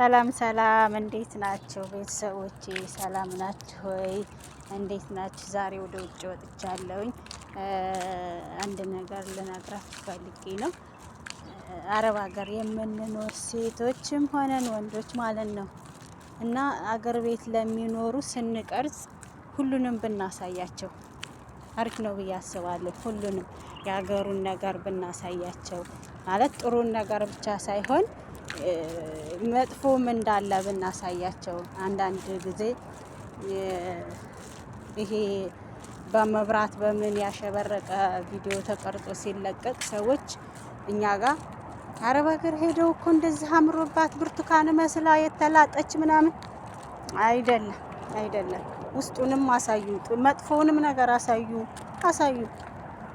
ሰላም ሰላም፣ እንዴት ናቸው ቤተሰቦች ሰላም ናችሁ ወይ? እንዴት ናችሁ? ዛሬ ወደ ውጭ ወጥቻለሁኝ። አንድ ነገር ልነግራችሁ ፈልጌ ነው። አረብ ሀገር የምንኖር ሴቶችም ሆነን ወንዶች ማለት ነው እና አገር ቤት ለሚኖሩ ስንቀርጽ ሁሉንም ብናሳያቸው አሪፍ ነው ብዬ አስባለሁ። ሁሉንም የሀገሩን ነገር ብናሳያቸው ማለት ጥሩን ነገር ብቻ ሳይሆን መጥፎም እንዳለ ብናሳያቸው አንዳንድ ጊዜ ይሄ በመብራት በምን ያሸበረቀ ቪዲዮ ተቀርጾ ሲለቀቅ ሰዎች እኛ ጋር አረብ ሀገር ሄደው እኮ እንደዚህ አምሮባት ብርቱካን መስላ የተላጠች ምናምን አይደለም፣ አይደለም። ውስጡንም አሳዩ፣ መጥፎውንም ነገር አሳዩ፣ አሳዩ፣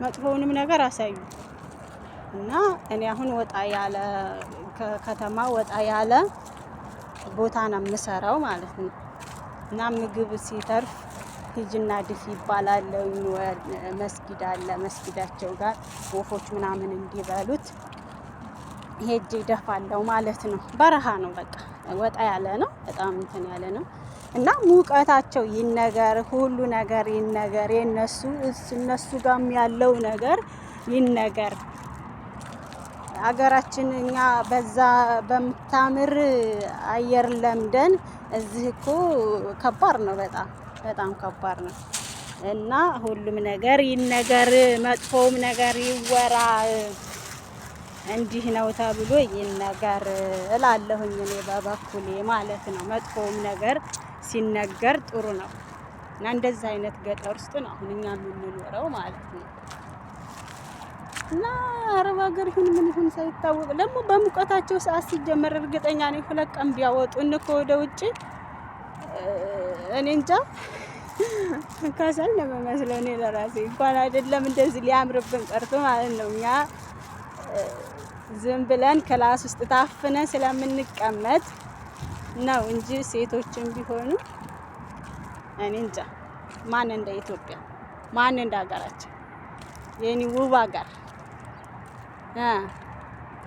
መጥፎውንም ነገር አሳዩ። እና እኔ አሁን ወጣ ያለ ከከተማ ወጣ ያለ ቦታ ነው የምሰራው ማለት ነው። እና ምግብ ሲተርፍ ሂጅና ድፍ ይባላል። መስጊድ አለ፣ መስጊዳቸው ጋር ወፎች ምናምን እንዲበሉት ሄጄ ይደፋለው ማለት ነው። በረሃ ነው በቃ ወጣ ያለ ነው፣ በጣም እንትን ያለ ነው እና ሙቀታቸው ይነገር፣ ሁሉ ነገር ይነገር፣ የነሱ እነሱ ጋርም ያለው ነገር ይነገር። አገራችን እኛ በዛ በምታምር አየር ለምደን እዚህ እኮ ከባድ ነው። በጣም በጣም ከባድ ነው እና ሁሉም ነገር ይነገር፣ መጥፎም ነገር ይወራ፣ እንዲህ ነው ተብሎ ይነገር እላለሁኝ እኔ በበኩሌ ማለት ነው። መጥፎም ነገር ሲነገር ጥሩ ነው እና እንደዚህ አይነት ገጠር ውስጥ ነው አሁን እኛ የምንኖረው ማለት ነው። እና አረብ ሀገር ይሁን ምን ይሁን ሳይታወቅ ደግሞ በሙቀታቸው ሰዓት ሲጀመር እርግጠኛ ነኝ ሁለት ቀን ቢያወጡ እንኮ ወደ ውጭ እኔ እንጃ ከሰል ነው የሚመስለው። እኔ ለራሴ እንኳን አይደለም እንደዚህ ሊያምርብን ቀርቶ ማለት ነው እኛ ዝም ብለን ክላስ ውስጥ ታፍነ ስለምንቀመጥ ነው እንጂ ሴቶችን ቢሆኑ እኔ እንጃ ማን እንደ ኢትዮጵያ ማን እንደ ሀገራችን የኔ ውብ ሀገር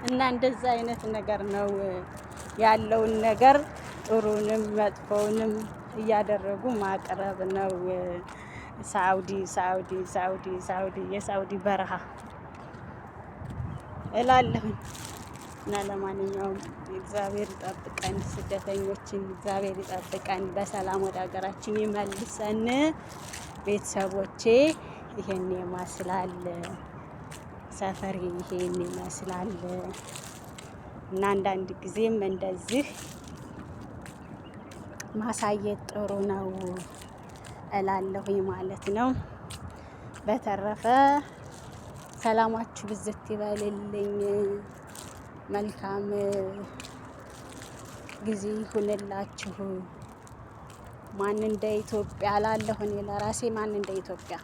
እና እንደዛ አይነት ነገር ነው ያለውን ነገር ጥሩንም መጥፎውንም እያደረጉ ማቅረብ ነው። ሳውዲ ሳውዲ ሳውዲ ሳዲ የሳውዲ በረሃ እላለሁ። እና ለማንኛውም እግዚአብሔር ይጠብቀን፣ ስደተኞችን እግዚአብሔር ይጠብቀን፣ በሰላም ወደ ሀገራችን ይመልሰን። ቤተሰቦቼ ይሄን ይመስላል። ሰፈር ይሄን ይመስላል። እና አንዳንድ ጊዜም እንደዚህ ማሳየት ጥሩ ነው እላለሁኝ ማለት ነው። በተረፈ ሰላማችሁ ብዝት ይበልልኝ። መልካም ጊዜ ይሁንላችሁ። ማን እንደ ኢትዮጵያ ላለሁ እኔ ለራሴ ማን እንደ ኢትዮጵያ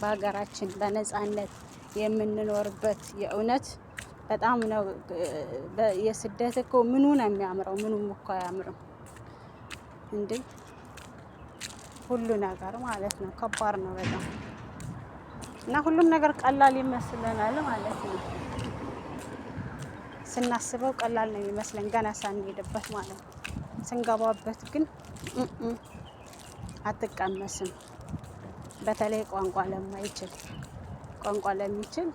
በሀገራችን በነጻነት የምንኖርበት የእውነት በጣም ነው። የስደት እኮ ምኑ ነው የሚያምረው? ምኑም እኮ አያምርም እንዴ ሁሉ ነገር ማለት ነው። ከባድ ነው በጣም እና ሁሉም ነገር ቀላል ይመስለናል ማለት ነው። ስናስበው ቀላል ነው የሚመስለን ገና ሳንሄድበት ማለት ነው። ስንገባበት ግን አትቀመስም። በተለይ ቋንቋ ለማይችል ቋንቋ ለሚችል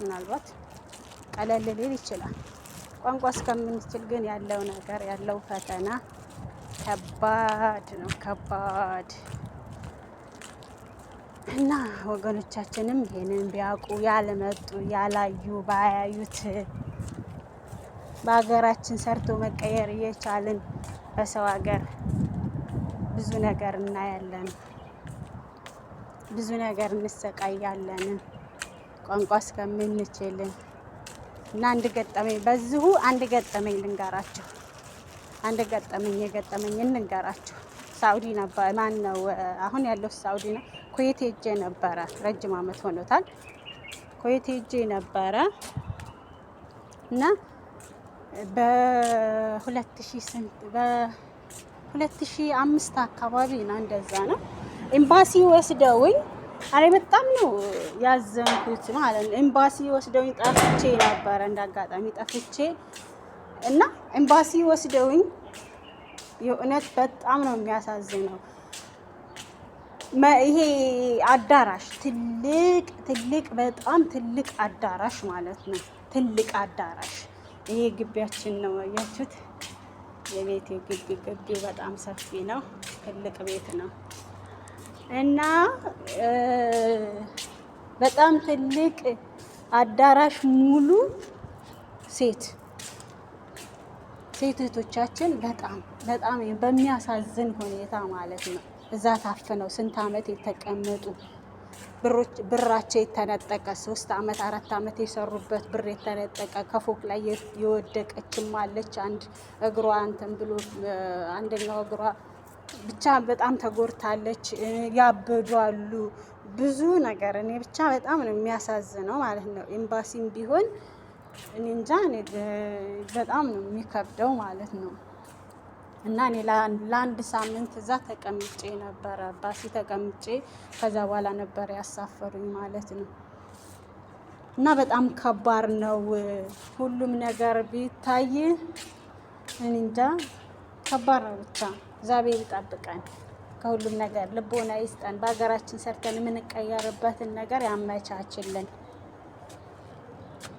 ምናልባት ቀለል ሊል ይችላል። ቋንቋ እስከምንችል ግን ያለው ነገር ያለው ፈተና ከባድ ነው፣ ከባድ እና ወገኖቻችንም ይሄንን ቢያውቁ ያልመጡ ያላዩ ባያዩት በሀገራችን ሰርቶ መቀየር እየቻልን በሰው ሀገር ብዙ ነገር እናያለን፣ ብዙ ነገር እንሰቃያለን። ቋንቋ እስከምንችልን እና አንድ ገጠመኝ በዚሁ አንድ ገጠመኝ ልንገራችሁ። አንድ ገጠመኝ የገጠመኝ ልንገራችሁ። ሳውዲ ነበር ማን ነው አሁን ያለው ሳውዲ ነው። ኩዌት ሄጄ ነበረ። ረጅም ዓመት ሆኖታል። ኩዌት ሄጄ ነበረ እና በሁለት ሺህ ስንት በሁለት ሺህ አምስት አካባቢ ነው እንደዛ ነው ኤምባሲ ወስደውኝ አሬ በጣም ነው ያዘንኩት ማለት ነው። ኤምባሲ ወስደውኝ ጠፍቼ ነበረ እንዳጋጣሚ ጠፍቼ እና ኤምባሲ ወስደውኝ የእውነት በጣም ነው የሚያሳዝነው። ይሄ አዳራሽ ትልቅ ትልቅ በጣም ትልቅ አዳራሽ ማለት ነው። ትልቅ አዳራሽ ይሄ ግቢያችን ነው ያችሁት። የቤት ግቢ በጣም ሰፊ ነው። ትልቅ ቤት ነው። እና በጣም ትልቅ አዳራሽ ሙሉ ሴት ሴት እህቶቻችን በጣም በጣም በሚያሳዝን ሁኔታ ማለት ነው እዛ ታፍነው ስንት ዓመት የተቀመጡ ብራቸው የተነጠቀ ሶስት ዓመት አራት ዓመት የሰሩበት ብር የተነጠቀ ከፎቅ ላይ የወደቀችም አለች። አንድ እግሯ እንትን ብሎ አንደኛው እግሯ ብቻ በጣም ተጎድታለች። ያበዱ አሉ ብዙ ነገር እኔ ብቻ በጣም ነው የሚያሳዝነው ማለት ነው። ኤምባሲም ቢሆን እኔ እንጃ በጣም ነው የሚከብደው ማለት ነው። እና እኔ ለአንድ ሳምንት እዛ ተቀምጬ ነበረ፣ ባሲ ተቀምጬ ከዛ በኋላ ነበረ ያሳፈሩኝ ማለት ነው። እና በጣም ከባድ ነው ሁሉም ነገር ቢታይ እንጃ ከባድ ነው ብቻ እግዚአብሔር ይጠብቀን ከሁሉም ነገር ልቦና ይስጠን። በሀገራችን ሰርተን የምንቀየርበትን ነገር ያመቻችልን።